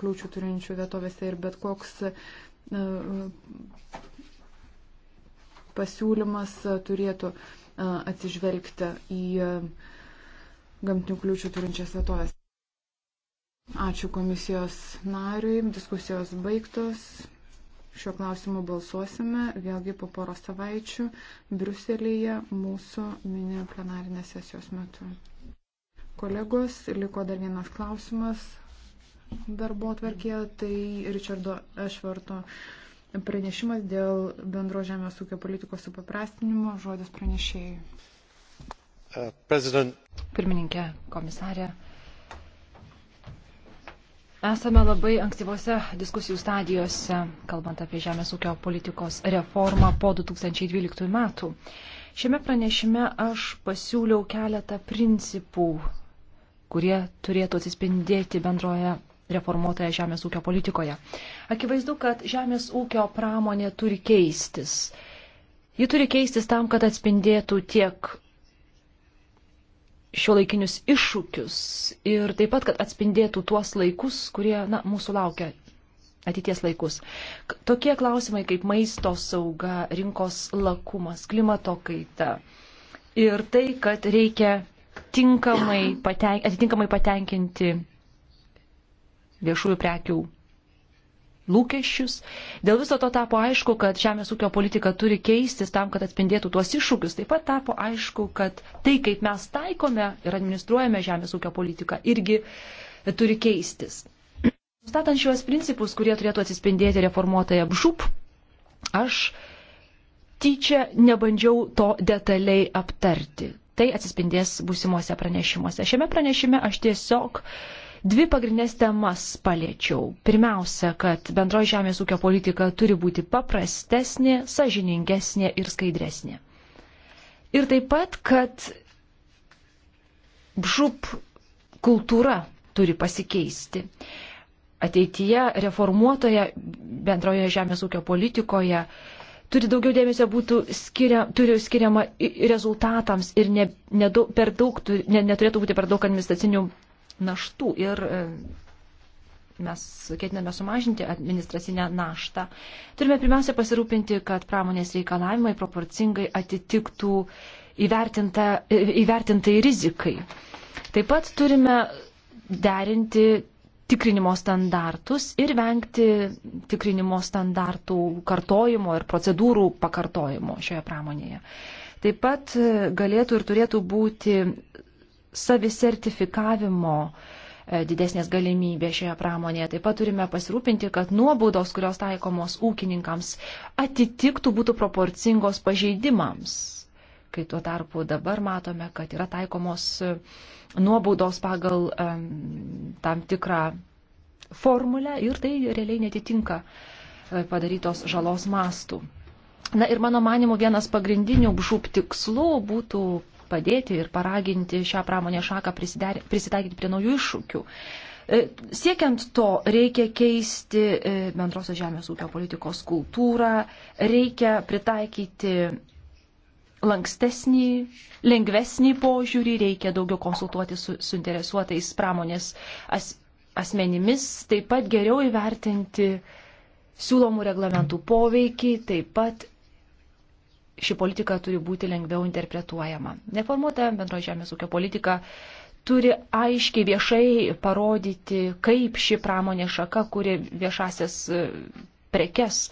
kliūčių turinčių vietovėse ir bet koks e, pasiūlymas turėtų e, atsižvelgti į e, gamtinių kliūčių turinčias vietovės. Ačiū komisijos nariui, diskusijos baigtos. Šiuo klausimu balsuosime vėlgi po poros savaičių Bruselėje mūsų mini plenarinės sesijos metu. Kolegos, liko dar vienas klausimas darbo atverkė, tai Richardo Ešvarto pranešimas dėl bendro žemės ūkio politikos supaprastinimo žodis pranešėjai. Uh, President. Pirmininkė, komisarė. Esame labai ankstyvose diskusijų stadijose, kalbant apie žemės ūkio politikos reformą po 2012 metų. Šiame pranešime aš pasiūliau keletą principų, kurie turėtų atsispindėti bendroje reformuotoje žemės ūkio politikoje. Akivaizdu, kad žemės ūkio pramonė turi keistis. Ji turi keistis tam, kad atspindėtų tiek šiuolaikinius iššūkius ir taip pat, kad atspindėtų tuos laikus, kurie na, mūsų laukia ateities laikus. Tokie klausimai kaip maisto sauga, rinkos lakumas, klimato kaita ir tai, kad reikia tinkamai patenk, atitinkamai patenkinti viešųjų prekių lūkesčius. Dėl viso to tapo aišku, kad žemės ūkio politika turi keistis tam, kad atspindėtų tuos iššūkius. Taip pat tapo aišku, kad tai, kaip mes taikome ir administruojame žemės ūkio politiką, irgi turi keistis. Statant šiuos principus, kurie turėtų atsispindėti reformuotoje BŽUP, aš tyčia nebandžiau to detaliai aptarti. Tai atsispindės būsimuose pranešimuose. Šiame pranešime aš tiesiog uh, Dvi pagrindinės temas paliečiau. Pirmiausia, kad bendroji žemės ūkio politika turi būti paprastesnė, sažiningesnė ir skaidresnė. Ir taip pat, kad žup kultūra turi pasikeisti. Ateityje reformuotoje bendroje žemės ūkio politikoje turi daugiau dėmesio būtų skiria, turi skiriama rezultatams ir ne, ne daug, per daug, ne, neturėtų būti per daug administracinių naštų ir e, mes ketiname sumažinti administracinę naštą. Turime pirmiausia pasirūpinti, kad pramonės reikalavimai proporcingai atitiktų e, įvertintai rizikai. Taip pat turime derinti tikrinimo standartus ir vengti tikrinimo standartų kartojimo ir procedūrų pakartojimo šioje pramonėje. Taip pat e, galėtų ir turėtų būti savisertifikavimo e, didesnės galimybės šioje pramonėje. Taip pat turime pasirūpinti, kad nuobaudos, kurios taikomos ūkininkams, atitiktų būtų proporcingos pažeidimams. Kai tuo tarpu dabar matome, kad yra taikomos e, nuobaudos pagal um, tam tikrą formulę ir tai realiai netitinka padarytos žalos mastų. Na ir mano manimo vienas pagrindinių bžūp tikslų būtų padėti ir paraginti šią pramonę šaką prisitaikyti prie naujų iššūkių. E, siekiant to, reikia keisti e, bendrosios žemės ūkio politikos kultūrą, reikia pritaikyti lankstesnį, lengvesnį požiūrį, reikia daugiau konsultuoti su suinteresuotais pramonės as, asmenimis, taip pat geriau įvertinti siūlomų reglamentų poveikį, taip pat ši politika turi būti lengviau interpretuojama. Neformuota bendro žemės ūkio politika turi aiškiai viešai parodyti, kaip ši pramonė šaka kuria viešasias e, prekes.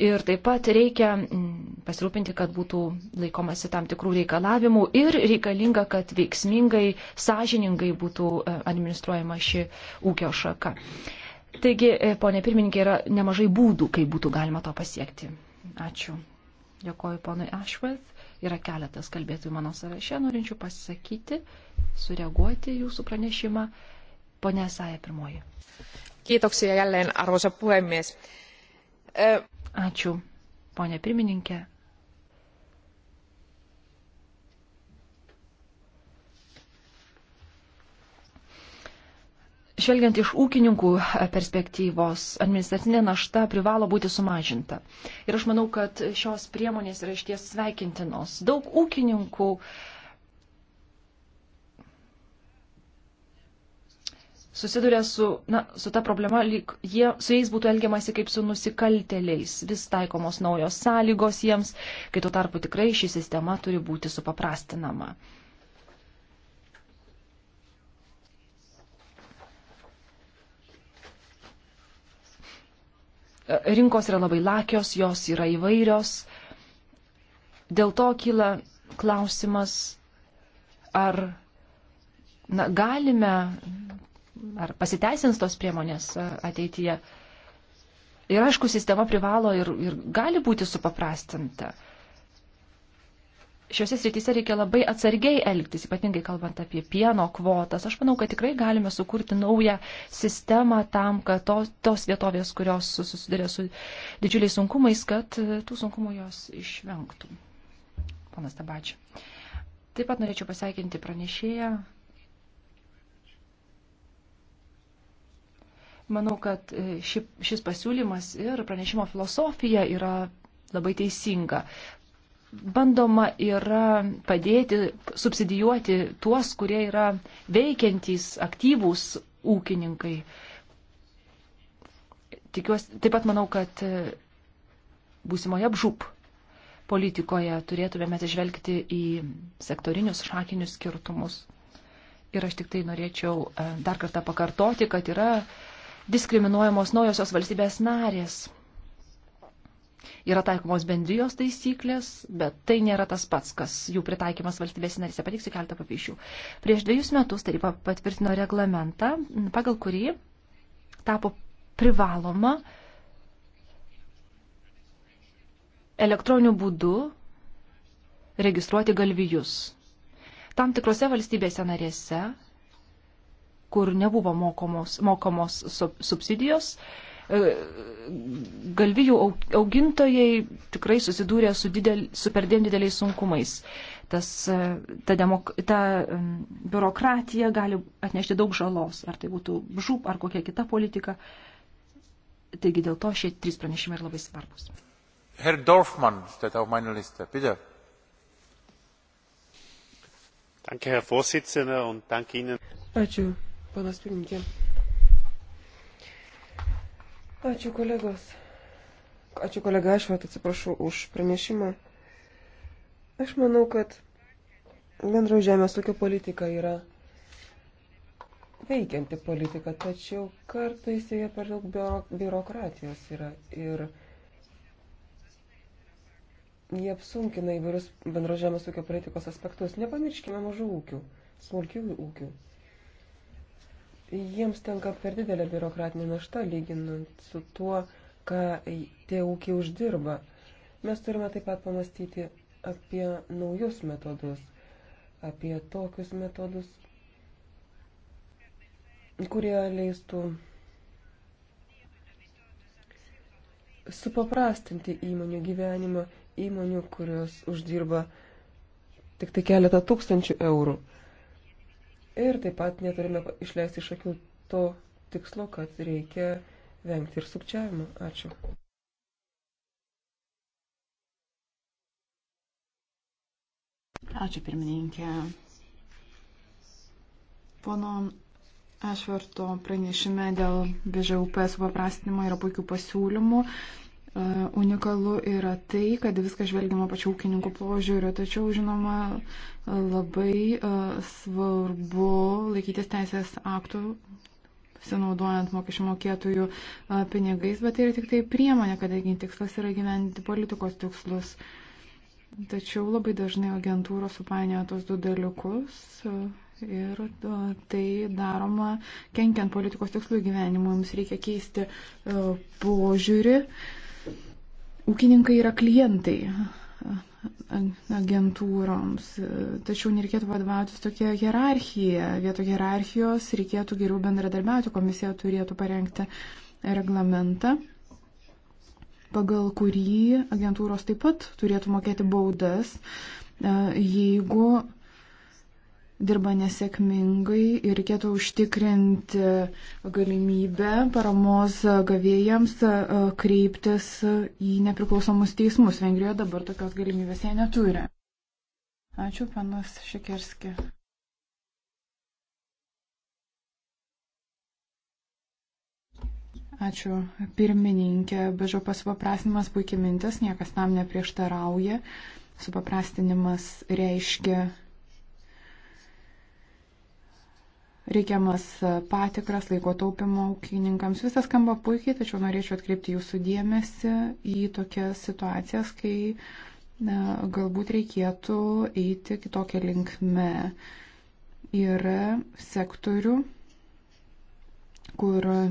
Ir taip pat reikia pasirūpinti, kad būtų laikomasi tam tikrų reikalavimų ir reikalinga, kad veiksmingai, sąžiningai būtų e, administruojama ši ūkio šaka. Taigi, e, ponė pirmininkė, yra nemažai būdų, kaip būtų galima to pasiekti. Ačiū. Dėkoju ponui Ashworth. Yra keletas kalbėtojų mano sąraše, norinčių pasisakyti, sureaguoti jūsų pranešimą. Pone Saja pirmoji. Kiitoksia jälleen, arvoisa puhemies. Ačiū, ponė pirmininkė. Žvelgiant iš ūkininkų perspektyvos, administracinė našta privalo būti sumažinta. Ir aš manau, kad šios priemonės yra išties sveikintinos. Daug ūkininkų susiduria su, na, su ta problema, lyg jie, su jais būtų elgiamasi kaip su nusikalteliais, vis taikomos naujos sąlygos jiems, kai tuo tarpu tikrai ši sistema turi būti supaprastinama. rinkos yra labai lakios, jos yra įvairios. Dėl to kyla klausimas, ar na, galime, ar pasiteisins tos priemonės ateityje. Ir aišku, sistema privalo ir, ir gali būti supaprastinta šiuose srityse reikia labai atsargiai elgtis, ypatingai kalbant apie pieno kvotas. Aš manau, kad tikrai galime sukurti naują sistemą tam, kad tos, tos vietovės, kurios susiduria su didžiuliais sunkumais, kad e, tų sunkumų jos išvengtų. Panas Tabačiu. Taip pat norėčiau pasveikinti pranešėją. Manau, kad e, ši, šis pasiūlymas ir pranešimo filosofija yra labai teisinga bandoma yra padėti, subsidijuoti tuos, kurie yra veikiantys, aktyvūs ūkininkai. Tikiuosi, taip pat manau, kad e, būsimoje apžūp politikoje turėtumėme atsižvelgti į sektorinius šakinius skirtumus. Ir aš tik tai norėčiau e, dar kartą pakartoti, kad yra diskriminuojamos naujosios valstybės narės Yra taikomos bendrijos taisyklės, bet tai nėra tas pats, kas jų pritaikymas valstybės narėse. Pateiksiu keletą pavyzdžių. Prieš dviejus metus taryba patvirtino reglamentą, pagal kurį tapo privaloma elektroniniu būdu registruoti galvijus. Tam tikrose valstybėse narėse, kur nebuvo mokomos, mokomos subsidijos, uh, E, galvijų augintojai tikrai susidūrė su, didel, su perdėm dideliais sunkumais. Tas, e, ta, demok, ta biurokratija gali atnešti daug žalos, ar tai būtų žūp, ar kokia kita politika. Taigi dėl to šie trys pranešimai yra labai svarbus. Herr Dorfmann steht auf meiner Liste. Bitte. Danke, Herr Vorsitzender, und danke Ihnen. Ačiū, panas pirmininkė. Ačiū kolegos. Ačiū kolega, aš vat atsiprašau už pranešimą. Aš manau, kad bendro žemės ūkio politika yra veikianti politika, tačiau kartais joje per daug biurokratijos yra ir jie apsunkina įvairius bendro žemės ūkio politikos aspektus. Nepamirškime mažų ūkių, smulkių ūkių jiems tenka per didelė biurokratinė našta lyginant su tuo, ką tie ūkiai uždirba. Mes turime taip pat pamastyti apie naujus metodus, apie tokius metodus, kurie leistų supaprastinti įmonių gyvenimą, įmonių, kurios uždirba tik tai keletą tūkstančių eurų. Ir taip pat neturime išleisti iš akių to tikslo, kad reikia vengti ir sukčiavimo. Ačiū. Ačiū pirmininkė. Pono Ašvarto pranešime dėl BŽUP supaprastinimo yra puikių pasiūlymų. E, unikalu yra tai, kad viską žvelgiama pačių ūkininkų požiūrio, tačiau, žinoma, labai e, svarbu laikytis teisės aktų pasinaudojant mokesčių mokėtojų e, pinigais, bet tai yra tik tai priemonė, kadangi tikslas yra gyventi politikos tikslus. Tačiau labai dažnai agentūros supainioja tos du dalykus ir tai daroma kenkiant politikos tikslų gyvenimui. Mums reikia keisti požiūrį. Uh, Ūkininkai yra klientai agentūroms, e, tačiau nereikėtų vadovautis tokia hierarchija. Vieto hierarchijos reikėtų geriau bendradarbiauti, komisija turėtų parengti reglamentą, pagal kurį agentūros taip pat turėtų mokėti baudas, e, jeigu dirba nesėkmingai ir reikėtų užtikrinti galimybę paramos gavėjams e, kreiptis į nepriklausomus teismus. Vengrijoje dabar tokios galimybės jie neturi. Ačiū, panas Šekerski. Ačiū, pirmininkė. Bežopas paprasnimas puikiai mintis, niekas tam neprieštarauja. Supaprastinimas reiškia reikiamas e, patikras, laiko taupimo ūkininkams. Visas skamba puikiai, tačiau norėčiau atkreipti jūsų dėmesį į tokias situacijas, kai na, galbūt reikėtų eiti kitokią linkmę. Yra sektorių, kur uh,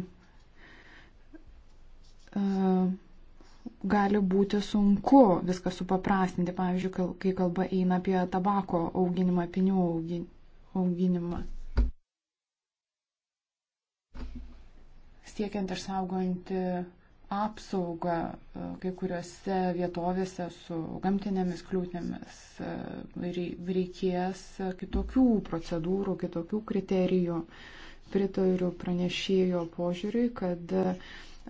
gali būti sunku viską supaprastinti, pavyzdžiui, kai kalba eina apie tabako auginimą, pinių auginimą. siekiant išsaugojantį apsaugą e, kai kuriuose vietovėse su gamtinėmis kliūtėmis. E, reikės kitokių procedūrų, kitokių kriterijų. Pritariu pranešėjo požiūriui, kad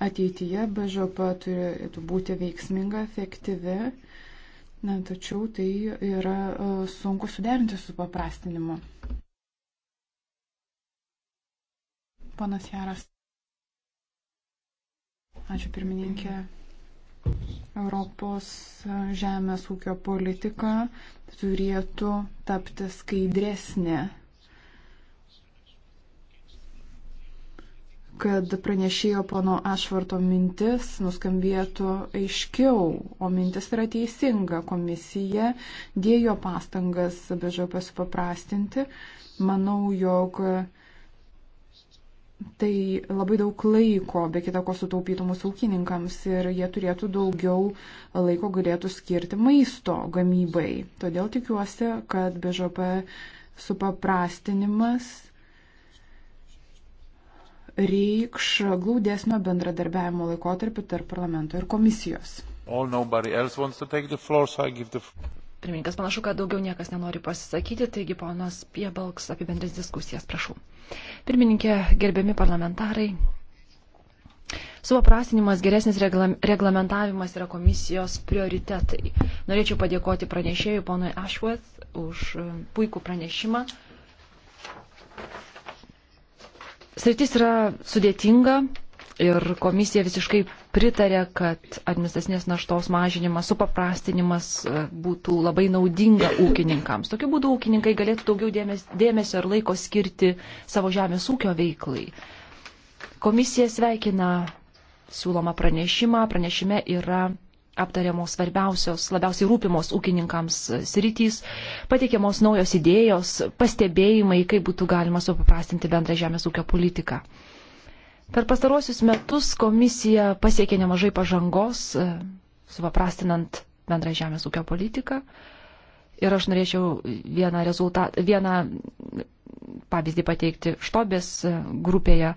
ateityje BŽP turėtų būti veiksminga, efektyvi, na, tačiau tai yra e, sunku suderinti su paprastinimu. Panas Jaras. Ačiū pirmininkė. Europos e, žemės ūkio politika turėtų tapti skaidresnė, kad pranešėjo pono Ašvarto mintis nuskambėtų aiškiau, o mintis yra teisinga. Komisija dėjo pastangas bežopę supaprastinti. Manau, jog Tai labai daug laiko, be kita ko, sutaupytų mūsų ūkininkams ir jie turėtų daugiau laiko galėtų skirti maisto gamybai. Todėl tikiuosi, kad BŽP supaprastinimas reikš glaudesnio bendradarbiavimo laikotarpį tarp parlamento ir komisijos. All, floor, so the... Pirmininkas panašu, kad daugiau niekas nenori pasisakyti, taigi ponas Piebalks apibendrins diskusijas, prašau. Pirmininkė, gerbiami parlamentarai, supaprastinimas, geresnis reglamentavimas yra komisijos prioritetai. Norėčiau padėkoti pranešėjui ponui Ashworth už e, puikų pranešimą. Sritis yra sudėtinga ir komisija visiškai pritarė, kad administracinės naštos mažinimas, supaprastinimas e, būtų labai naudinga ūkininkams. Tokiu būdu ūkininkai galėtų daugiau dėmesio ir laiko skirti savo žemės ūkio veiklai. Komisija sveikina siūloma pranešimą. Pranešime yra aptariamos svarbiausios, labiausiai rūpimos ūkininkams sritys, pateikiamos naujos idėjos, pastebėjimai, kaip būtų galima supaprastinti bendrą žemės ūkio politiką. Per pastaruosius metus komisija pasiekė nemažai pažangos, e, supaprastinant bendrą žemės ūkio politiką. Ir aš norėčiau vieną, rezultat, vieną pavyzdį pateikti. Štobės e, grupėje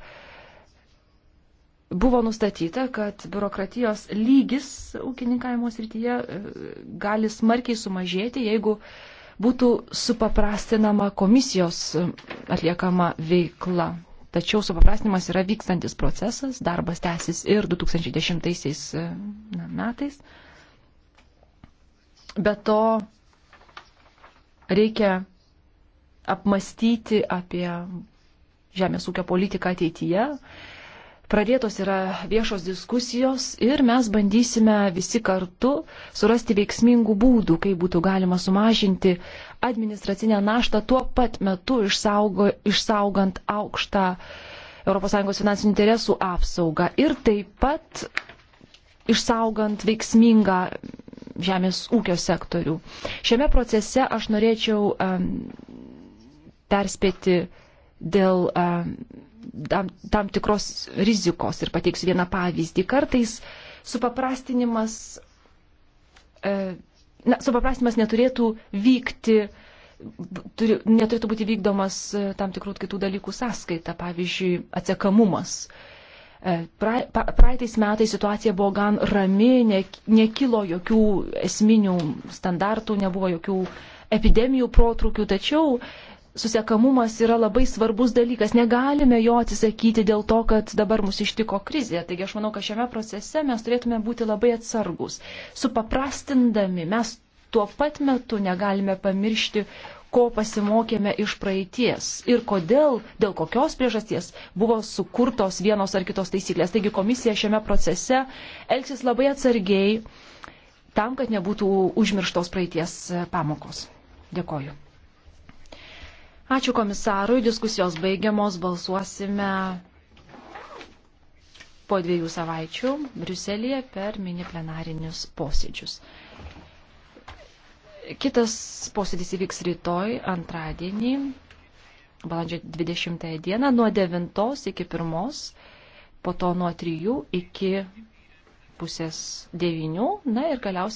buvo nustatyta, kad biurokratijos lygis ūkininkavimo srityje e, gali smarkiai sumažėti, jeigu būtų supaprastinama komisijos atliekama veikla. Tačiau supaprastinimas yra vykstantis procesas, darbas tęsis ir 2010 e, na, metais. Be to reikia apmastyti apie žemės ūkio politiką ateityje, Pradėtos yra viešos diskusijos ir mes bandysime visi kartu surasti veiksmingų būdų, kaip būtų galima sumažinti administracinę naštą tuo pat metu išsaugo, išsaugant aukštą ES finansinių interesų apsaugą ir taip pat išsaugant veiksmingą žemės ūkio sektorių. Šiame procese aš norėčiau um, perspėti dėl um, tam, tam tikros rizikos. Ir pateiksiu vieną pavyzdį. Kartais supaprastinimas, e, na, supaprastinimas neturėtų vykti, turi, neturėtų būti vykdomas e, tam tikrų kitų dalykų sąskaita, pavyzdžiui, atsiekamumas. E, pra, pra, praeitais metais situacija buvo gan rami, ne, nekilo jokių esminių standartų, nebuvo jokių epidemijų protrukių, tačiau susiekamumas yra labai svarbus dalykas. Negalime jo atsisakyti dėl to, kad dabar mus ištiko krizė. Taigi aš manau, kad šiame procese mes turėtume būti labai atsargus. Supaprastindami mes tuo pat metu negalime pamiršti, ko pasimokėme iš praeities ir kodėl, dėl kokios priežasties buvo sukurtos vienos ar kitos taisyklės. Taigi komisija šiame procese elgsis labai atsargiai tam, kad nebūtų užmirštos praeities pamokos. Dėkoju. Ačiū komisarui, diskusijos baigiamos, balsuosime po dviejų savaičių Briuselėje per mini plenarinius posėdžius. Kitas posėdis įvyks rytoj, antradienį, balandžio 20 dieną, nuo 9 iki 1, po to nuo 3 iki pusės 9, na ir galiausiai